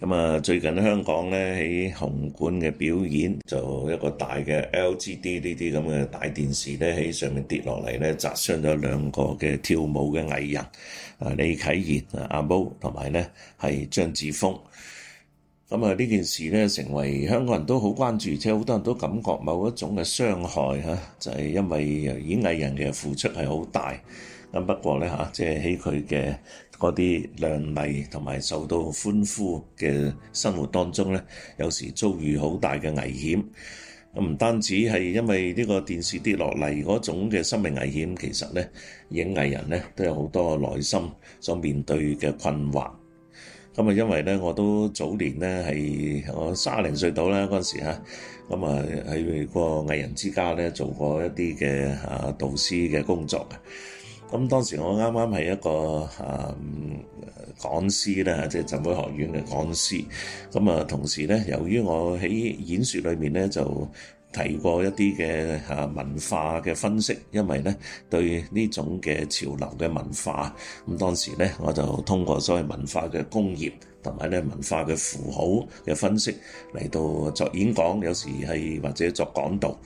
咁啊，最近香港咧喺紅館嘅表演，就一個大嘅 LGD 呢啲咁嘅大電視咧喺上面跌落嚟咧，砸傷咗兩個嘅跳舞嘅藝人，啊李啟賢啊，阿毛，同埋咧係張梓峰。咁啊，呢件事咧成為香港人都好關注，而且好多人都感覺某一種嘅傷害嚇，就係、是、因為演藝人嘅付出係好大。咁不過咧嚇，即係喺佢嘅嗰啲亮麗同埋受到歡呼嘅生活當中咧，有時遭遇好大嘅危險。唔單止係因為呢個電視跌落嚟嗰種嘅生命危險，其實咧影藝人咧都有好多內心所面對嘅困惑。咁啊，因為咧我都早年咧係我三十零歲到啦嗰陣時嚇，咁啊喺個藝人之家咧做過一啲嘅啊導師嘅工作嘅。咁當時我啱啱係一個誒講、啊、呃、講師啦，即係浸會學院嘅講師。咁啊，同時咧，由於我喺演説裏面咧就提過一啲嘅嚇文化嘅分析，因為咧對呢種嘅潮流嘅文化，咁當時咧我就通過所謂文化嘅工業同埋咧文化嘅符號嘅分析嚟到作演講，有時係或者作講道。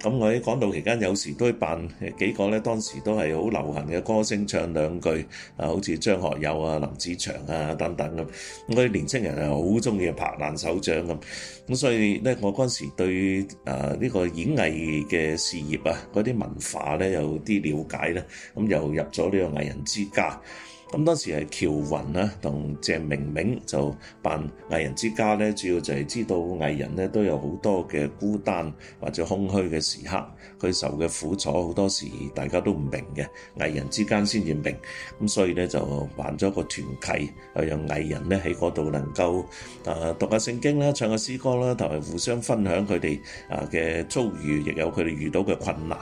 咁我喺講到期間，有時都扮幾個咧，當時都係好流行嘅歌星，唱兩句啊，好似張學友啊、林子祥啊等等咁。嗰啲年青人係好中意，拍爛手掌咁。咁所以咧，我嗰陣時對呢個演藝嘅事業啊，嗰啲文化咧有啲了解咧，咁又入咗呢個藝人之家。咁當時係喬雲啦，同鄭明明就辦藝人之家咧，主要就係知道藝人咧都有好多嘅孤單或者空虛嘅時刻，佢受嘅苦楚好多時大家都唔明嘅，藝人之間先至明。咁所以咧就辦咗一個團契，又讓藝人咧喺嗰度能夠啊讀下聖經啦，唱下詩歌啦，同埋互相分享佢哋啊嘅遭遇，亦有佢哋遇到嘅困難。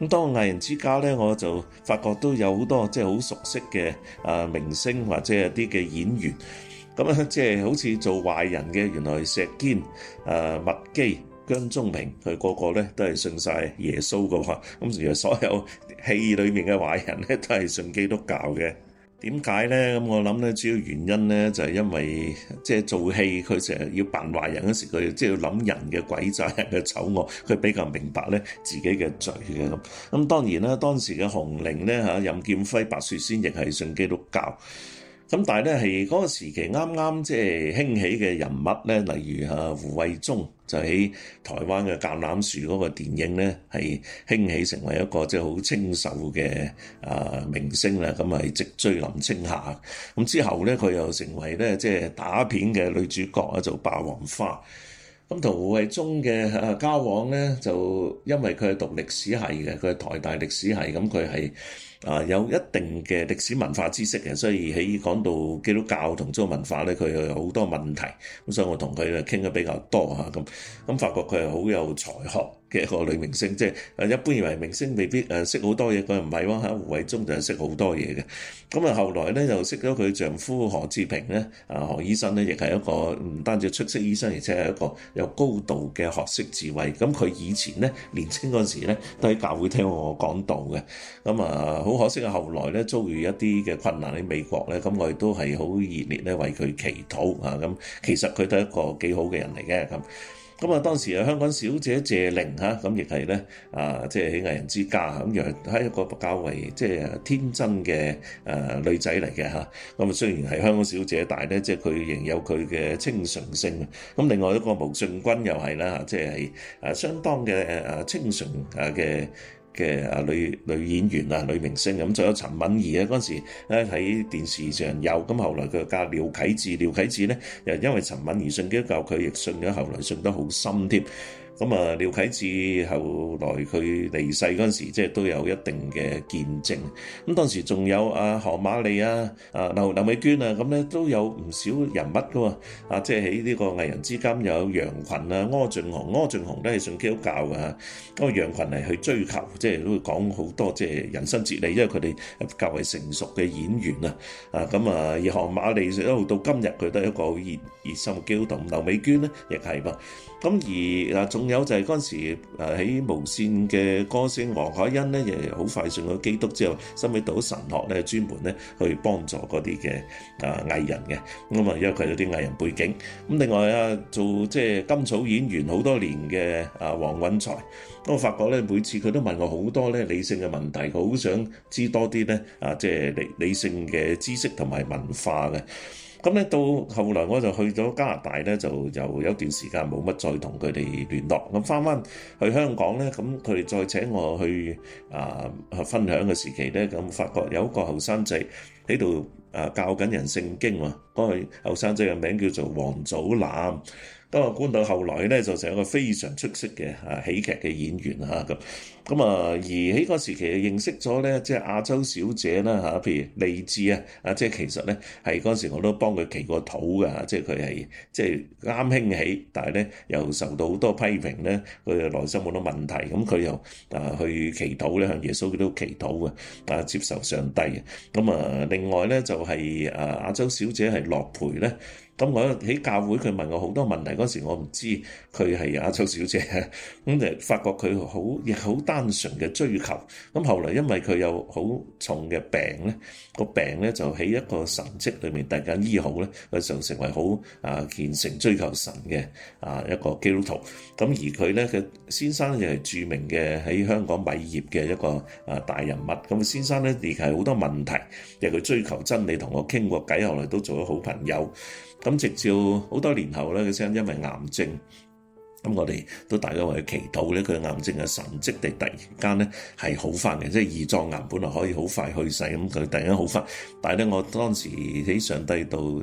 咁當藝人之家咧，我就發覺都有好多即係好熟悉嘅啊明星或者一啲嘅演員，咁啊即係好似做壞人嘅，原來石堅、啊、呃、麥基、姜中平，佢個個咧都係信晒耶穌嘅喎。咁原來所有戲裏面嘅壞人咧都係信基督教嘅。點解咧？咁我諗咧，主要原因咧就係因為即係、就是、做戲，佢成日要扮壞人嗰時，佢即係要諗人嘅詭詐、人嘅醜惡，佢比較明白咧自己嘅罪嘅咁。咁當然啦，當時嘅紅伶咧嚇任劍輝、白雪仙亦係信基督教。咁但係咧，係嗰個時期啱啱即係興起嘅人物咧，例如啊胡慧中，就喺台灣嘅《橄欖樹》嗰個電影咧，係興起成為一個即係好清秀嘅啊明星啦。咁係直追林青霞。咁之後咧，佢又成為咧即係打片嘅女主角啊，做霸王花。咁同胡慧中嘅啊交往咧，就因為佢係讀歷史系嘅，佢係台大歷史系，咁佢係。啊，有一定嘅歷史文化知識嘅，所以喺講到基督教同中國文化咧，佢又有好多問題，咁所以我同佢傾得比較多嚇咁。咁、啊啊啊、發覺佢係好有才學嘅一個女明星，即係一般以為明星未必誒、啊、識好多嘢，佢唔係喎。胡慧中就係識好多嘢嘅。咁啊，後來咧就識咗佢丈夫何志平咧，啊何醫生咧，亦係一個唔單止出色醫生，而且係一個有高度嘅學識智慧。咁、啊、佢以前咧年青嗰時咧都喺教會聽我講道嘅，咁啊。啊好可惜啊！後來咧遭遇一啲嘅困難喺美國咧，咁我亦都係好熱烈咧為佢祈禱啊！咁其實佢都係一個幾好嘅人嚟嘅咁。咁啊，當時啊，香港小姐謝玲嚇咁亦係咧啊，即係喺藝人之家咁樣，係一個較為即係天真嘅誒女仔嚟嘅嚇。咁雖然係香港小姐，但係咧即係佢仍有佢嘅清純性。咁另外一個毛舜筠又係啦，即係誒相當嘅誒清純啊嘅。嘅啊女女演員啊、女明星咁，仲有陳敏兒啊，嗰陣時咧喺電視上有。咁後來佢嫁廖啟智，廖啟智咧又因為陳敏兒信基督教，佢亦信咗，後來信得好深添。咁啊，廖啟智後來佢離世嗰陣時，即係都有一定嘅見證。咁當時仲有何啊何馬利啊啊劉劉美娟啊，咁咧都有唔少人物噶喎。啊，即係喺呢個藝人之間有楊群啊、柯俊雄、柯俊雄都係信基督教噶。嗰個楊群嚟去追求，即係都會講好多即係人生哲理，因為佢哋較為成熟嘅演員啊。啊咁啊，而何馬利一路到今日佢都係一個熱熱心嘅基督徒。劉美娟咧亦係噃。咁而嗱，仲有就係嗰陣時，誒喺無線嘅歌星黃海欣咧，亦好快信咗基督之後，身喺到神學咧，專門咧去幫助嗰啲嘅啊藝人嘅。咁啊，因為佢有啲藝人背景。咁另外啊，做即係甘草演員好多年嘅啊黃允財，我發覺咧，每次佢都問我好多咧理性嘅問題，佢好想知多啲咧啊，即係理理性嘅知識同埋文化嘅。咁咧到後來我就去咗加拿大咧，就又有段時間冇乜再同佢哋聯絡。咁翻返去香港咧，咁佢哋再請我去啊、呃、分享嘅時期咧，咁發覺有一個後生仔喺度啊教緊人聖經啊。嗰、那個後生仔嘅名叫做王祖藍。當我觀到後來咧，就成一個非常出色嘅嚇喜劇嘅演員嚇咁。咁啊，而喺嗰時期認識咗咧，即係亞洲小姐啦嚇，譬如利智啊，啊即係其實咧係嗰時我都幫佢祈過禱嘅、啊、即係佢係即係啱興起，但係咧又受到好多批評咧，佢內心冇多問題，咁佢又啊去祈禱咧向耶穌都祈禱嘅，啊接受上帝。咁啊，另外咧就係、是、啊亞洲小姐係樂培咧。咁我喺教會，佢問我好多問題嗰時，我唔知佢係阿秋小姐。咁 就發覺佢好亦好單純嘅追求。咁後嚟，因為佢有好重嘅病咧，個病咧就喺一個神跡裏面突然間醫好咧，佢就成為好啊虔誠追求神嘅啊一個基督徒。咁而佢咧佢先生又係著名嘅喺香港米業嘅一個啊大人物。咁啊，先生咧亦係好多問題，亦佢追求真理同我傾過偈，後來都做咗好朋友。咁直至好多年後咧，佢先因為癌症，咁我哋都大家為佢祈禱咧。佢癌症係神蹟地突然間咧係好返嘅，即係胰臟癌，本來可以好快去世，咁佢突然間好返。但係咧，我當時喺上帝度。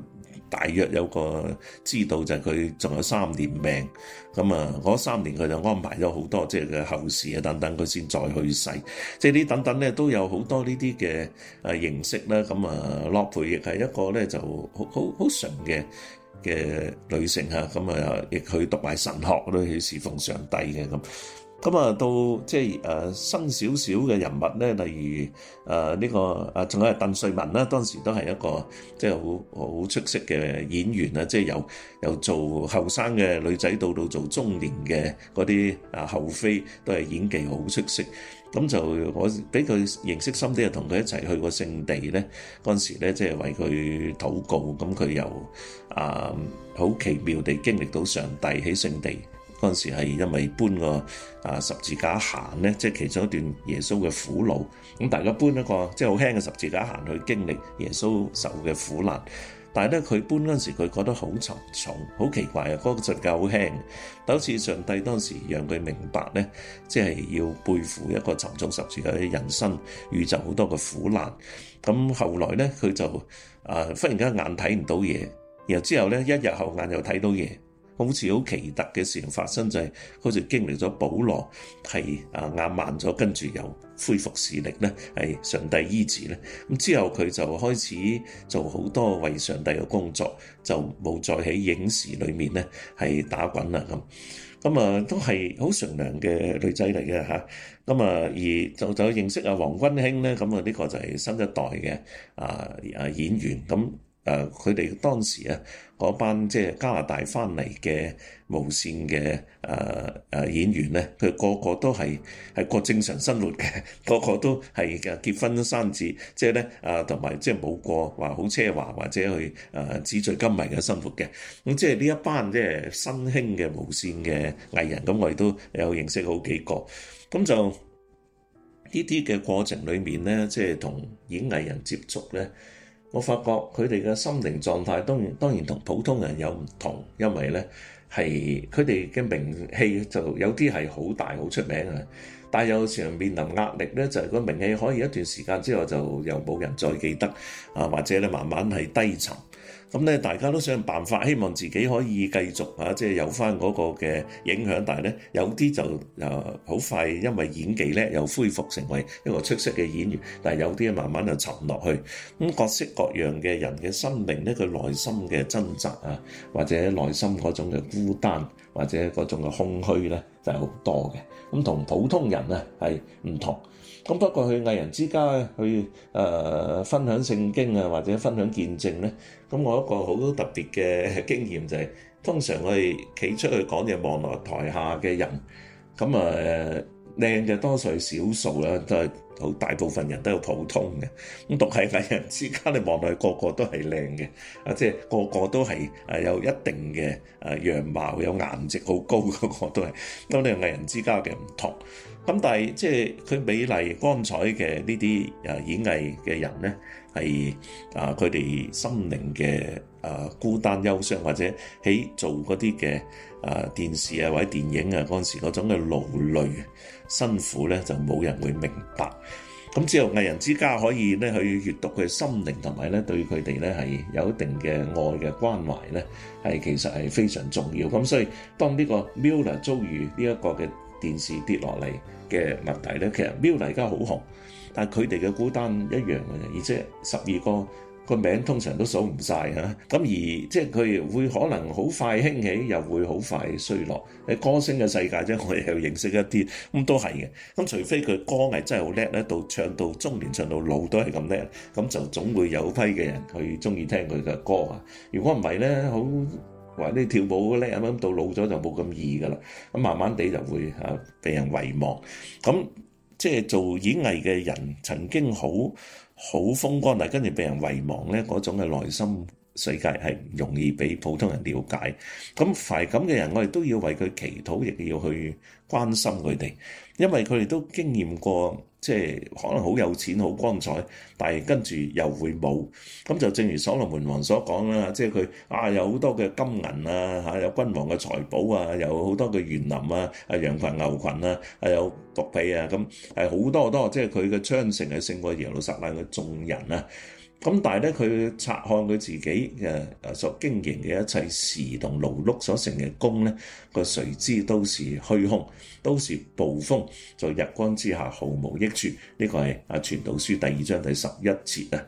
大約有個知道就係佢仲有三年命，咁啊嗰三年佢就安排咗好多即係嘅後事啊等等，佢先再去世。即係呢等等咧都有好多呢啲嘅誒形式啦。咁啊諾培亦係一個咧就好好好純嘅嘅女性吓，咁啊亦去讀埋神學都去侍奉上帝嘅咁。咁啊，到即係誒新少少嘅人物咧，例如誒呢、啊這個誒仲、啊、有鄧萃雯，啦，當時都係一個即係好好出色嘅演員啊！即係由由做後生嘅女仔到到做中年嘅嗰啲啊後妃，都係演技好出色。咁就我俾佢認識深啲，又同佢一齊去過聖地咧。嗰陣時咧，即係為佢禱告，咁佢又啊好奇妙地經歷到上帝喺聖地。嗰陣時係因為搬個啊十字架行咧，即係其中一段耶穌嘅苦路。咁大家搬一個即係好輕嘅十字架行去經歷耶穌受嘅苦難。但係咧，佢搬嗰陣時佢覺得好沉重，好奇怪啊！嗰、那個十字架好輕。第好似上帝當時讓佢明白咧，即係要背負一個沉重十字架嘅人生，遇就好多嘅苦難。咁後來咧，佢就啊、呃、忽然間眼睇唔到嘢，然後之後咧一日後眼又睇到嘢。好似好奇特嘅事情發生就係，佢就經歷咗保羅係啊眼盲咗，跟住又恢復視力咧，係上帝醫治咧。咁之後佢就開始做好多為上帝嘅工作，就冇再喺影視裏面咧係打滾啦。咁咁啊，都係好善良嘅女仔嚟嘅嚇。咁啊，而就就認識啊黃君卿咧，咁啊呢個就係新一代嘅啊啊，啊演員咁。誒佢哋當時啊，嗰班即係加拿大翻嚟嘅無線嘅誒誒演員咧，佢個個都係係過正常生活嘅，個個都係嘅結婚生子，即係咧啊，同、呃、埋即係冇過話好奢華或者去誒紙醉金迷嘅生活嘅。咁即係呢一班即係新興嘅無線嘅藝人，咁我哋都有認識好幾個。咁就呢啲嘅過程裏面咧，即係同演藝人接觸咧。我發覺佢哋嘅心靈狀態當然當然同普通人有唔同，因為呢係佢哋嘅名氣就有啲係好大好出名嘅，但係有時候面臨壓力呢，就係、是、個名氣可以一段時間之後就又冇人再記得啊，或者咧慢慢係低沉。咁咧，大家都想辦法，希望自己可以繼續啊，即係有返嗰個嘅影響。但係咧，有啲就誒好快，因為演技咧，又恢復成為一個出色嘅演員。但係有啲慢慢就沉落去。咁各式各樣嘅人嘅生命咧，佢內心嘅掙扎啊，或者內心嗰種嘅孤單，或者嗰種嘅空虛咧，就係好多嘅。咁同普通人咧係唔同。咁不過去藝人之家去誒分享聖經啊，或者分享見證咧，咁我一個好特別嘅經驗就係，通常我哋企出去講嘢，望落台下嘅人，咁啊靚嘅多數係少數啦，都係好大部分人都係普通嘅。咁讀喺藝人之家，你望落去個個都係靚嘅，啊即係個個都係誒有一定嘅誒樣貌，有顏值好高，個個都係，當你藝人之家嘅唔同。咁但係即係佢美麗光彩嘅呢啲誒演藝嘅人咧，係啊佢哋心靈嘅誒孤單憂傷，或者喺做嗰啲嘅誒電視啊或者電影啊嗰陣時嗰種嘅勞累辛苦咧，就冇人會明白。咁只有藝人之家可以咧去閲讀佢心靈，同埋咧對佢哋咧係有一定嘅愛嘅關懷咧，係其實係非常重要。咁所以當呢個 Miller 遭遇呢一個嘅電視跌落嚟嘅問題咧，其實 Mirror 而家好紅，但係佢哋嘅股單一樣嘅，而且十二個個名通常都數唔晒，嚇、啊。咁而即係佢會可能好快興起，又會好快衰落。誒，歌星嘅世界啫，我哋又認識一啲，咁都係嘅。咁除非佢歌藝真係好叻咧，到唱到中年，唱到老都係咁叻，咁就總會有批嘅人去中意聽佢嘅歌啊。如果唔係咧，好～話啲跳舞叻咁，到老咗就冇咁易噶啦。咁慢慢地就會嚇被人遺忘。咁即係做演藝嘅人，曾經好好風光，但跟住被人遺忘咧，嗰種嘅內心世界係唔容易俾普通人了解。咁凡咁嘅人，我哋都要為佢祈禱，亦要去關心佢哋，因為佢哋都經驗過。即係可能好有錢好光彩，但係跟住又會冇。咁就正如所羅門王所講啦，即係佢啊有好多嘅金銀啊嚇、啊，有君王嘅財寶啊，有好多嘅園林啊，啊羊群、牛群啊，啊有僕婢啊，咁係好多好多，即係佢嘅昌盛係勝過耶路撒冷嘅眾人啊！咁但係咧，佢察看佢自己嘅誒所經營嘅一切事同勞碌所成嘅功咧，個誰知都是虛空，都是暴風，在日光之下毫無益處。呢個係啊《傳道書》第二章第十一節啊。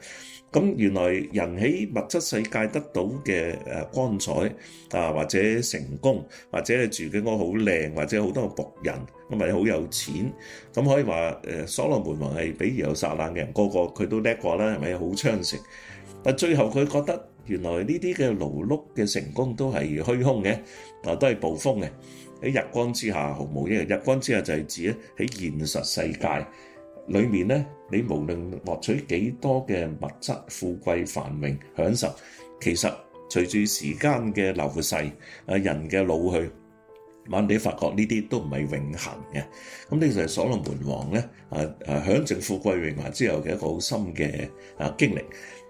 咁原來人喺物質世界得到嘅誒光彩啊，或者成功，或者你住嘅屋好靚，或者好多僕人。咁咪好有錢，咁可以話誒，所羅門王係比耶路撒冷嘅人，個個佢都叻過啦，係咪好昌盛？但最後佢覺得原來呢啲嘅勞碌嘅成功都係虛空嘅，但都係暴風嘅，喺日光之下毫無益。日光之下就係指喺現實世界裏面咧，你無論獲取幾多嘅物質富貴繁榮享受，其實隨住時間嘅流逝，啊人嘅老去。慢慢地發覺呢啲都唔係永恆嘅，咁呢就係所羅門王咧，啊啊享盡富貴榮華之後嘅一個好深嘅啊經歷。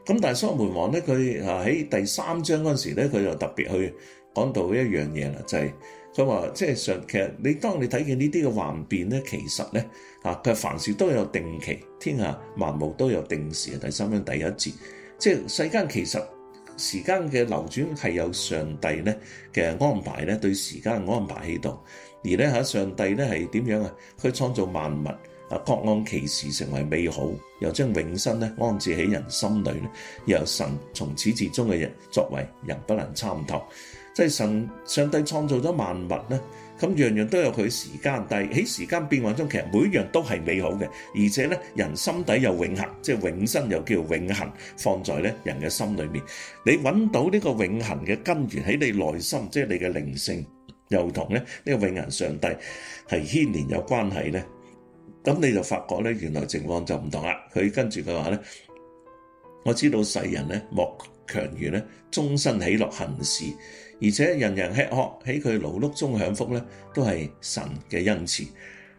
咁但係所羅門王咧，佢啊喺第三章嗰陣時咧，佢就特別去講到一樣嘢啦，就係佢話即係上其實你當你睇見呢啲嘅幻變咧，其實咧啊佢凡事都有定期，天下萬物都有定時嘅。第三章第一節，即係世間其實。時間嘅流轉係有上帝咧嘅安排咧，對時間嘅安排喺度，而咧嚇上帝咧係點樣啊？佢創造萬物啊，各按其時成為美好，又將永生咧安置喺人心裏。咧，由神從始至終嘅人作為人不能參透，即係神上帝創造咗萬物咧。咁樣樣都有佢時間但係，喺時間變幻中，其實每一樣都係美好嘅，而且呢，人心底有永恒，即係永生又叫永恒，放在呢，人嘅心裏面。你揾到呢個永恒嘅根源，喺你內心，即係你嘅靈性，又同呢，呢個永恒上帝，係牽連有關係呢，咁你就發覺呢，原來情況就唔同啦。佢跟住佢話呢，我知道世人呢，莫強如呢，終身喜樂行事，而且人人吃喝喺佢勞碌中享福咧，都係神嘅恩賜。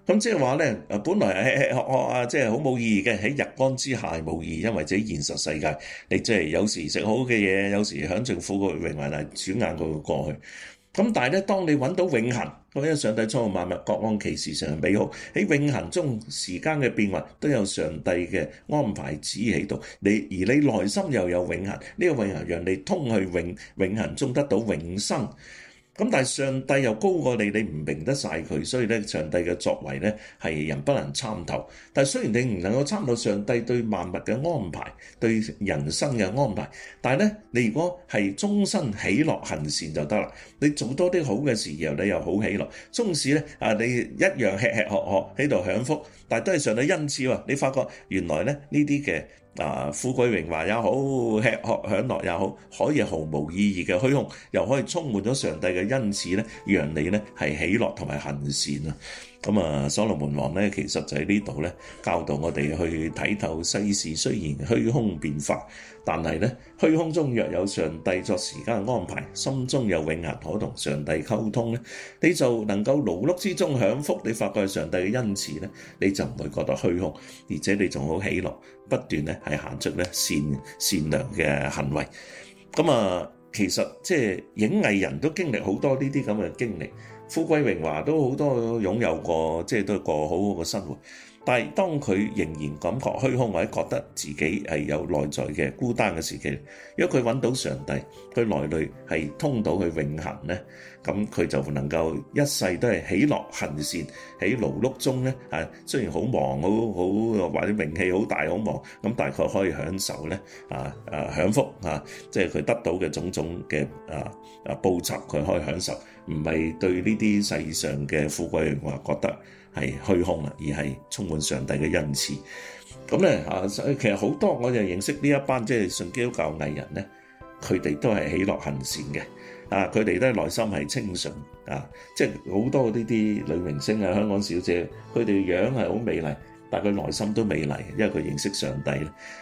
咁即係話咧，本來吃吃喝喝啊，即係好冇意義嘅。喺日光之下係冇意義，因為喺現實世界，你即係有時食好嘅嘢，有時響政府個榮華大轉眼佢會過去。咁但係咧，當你揾到永恆，因為上帝創造萬物，各按其時，成為美好喺永恆中，時間嘅變換都有上帝嘅安排指喺度。你而你內心又有永恆，呢、這個永恆讓你通去永永恆中得到永生。咁但係上帝又高過你，你唔明得晒佢，所以咧上帝嘅作為咧係人不能參透。但係雖然你唔能夠參透上帝對萬物嘅安排，對人生嘅安排，但係咧你如果係終身喜樂行善就得啦。你做多啲好嘅事，然後你又好喜樂。縱使咧啊，你一樣吃吃喝喝喺度享福，但係都係上帝恩賜喎。你發覺原來咧呢啲嘅。啊，富貴榮華也好，吃喝享樂也好，可以毫無意義嘅虛空，又可以充滿咗上帝嘅恩賜咧，讓你咧係喜樂同埋行善啊！咁啊，所羅門王咧，其實就喺呢度咧，教導我哋去睇透世事。雖然虛空變化，但係咧，虛空中若有上帝作時間安排，心中有永恆可同上帝溝通咧，你就能夠勞碌之中享福。你發覺上帝嘅恩慈咧，你就唔會覺得虛空，而且你仲好喜樂，不斷咧係行出咧善善良嘅行為。咁啊，其實即係影藝人都經歷好多呢啲咁嘅經歷。富貴榮華都好多擁有過，即係都係過好嘅生活。但係當佢仍然感覺虛空，或者覺得自己係有內在嘅孤單嘅時期，如果佢揾到上帝，佢內裏係通到去永恆呢，咁佢就能夠一世都係喜樂行善喺勞碌中呢。啊，雖然好忙好好或者名氣好大好忙，咁大概可以享受呢，啊啊享福啊，即係佢得到嘅種種嘅啊啊報酬佢可以享受，唔係對呢啲世上嘅富貴人話覺得。係虛空啦，而係充滿上帝嘅恩慈。咁咧啊，所以其實好多我就認識呢一班即係信基督教藝人咧，佢哋都係喜樂行善嘅。啊，佢哋都係內心係清純啊，即係好多呢啲女明星啊、香港小姐，佢哋樣係好美麗，但佢內心都美麗，因為佢認識上帝。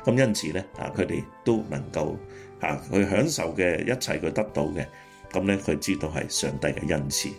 咁因此咧，啊，佢哋都能夠啊，佢享受嘅一切佢得到嘅，咁咧佢知道係上帝嘅恩慈。